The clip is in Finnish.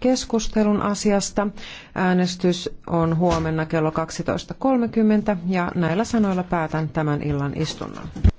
keskustelun asiasta. Äänestys on huomenna kello 12.30 ja näillä sanoilla päätän tämän illan istunnon.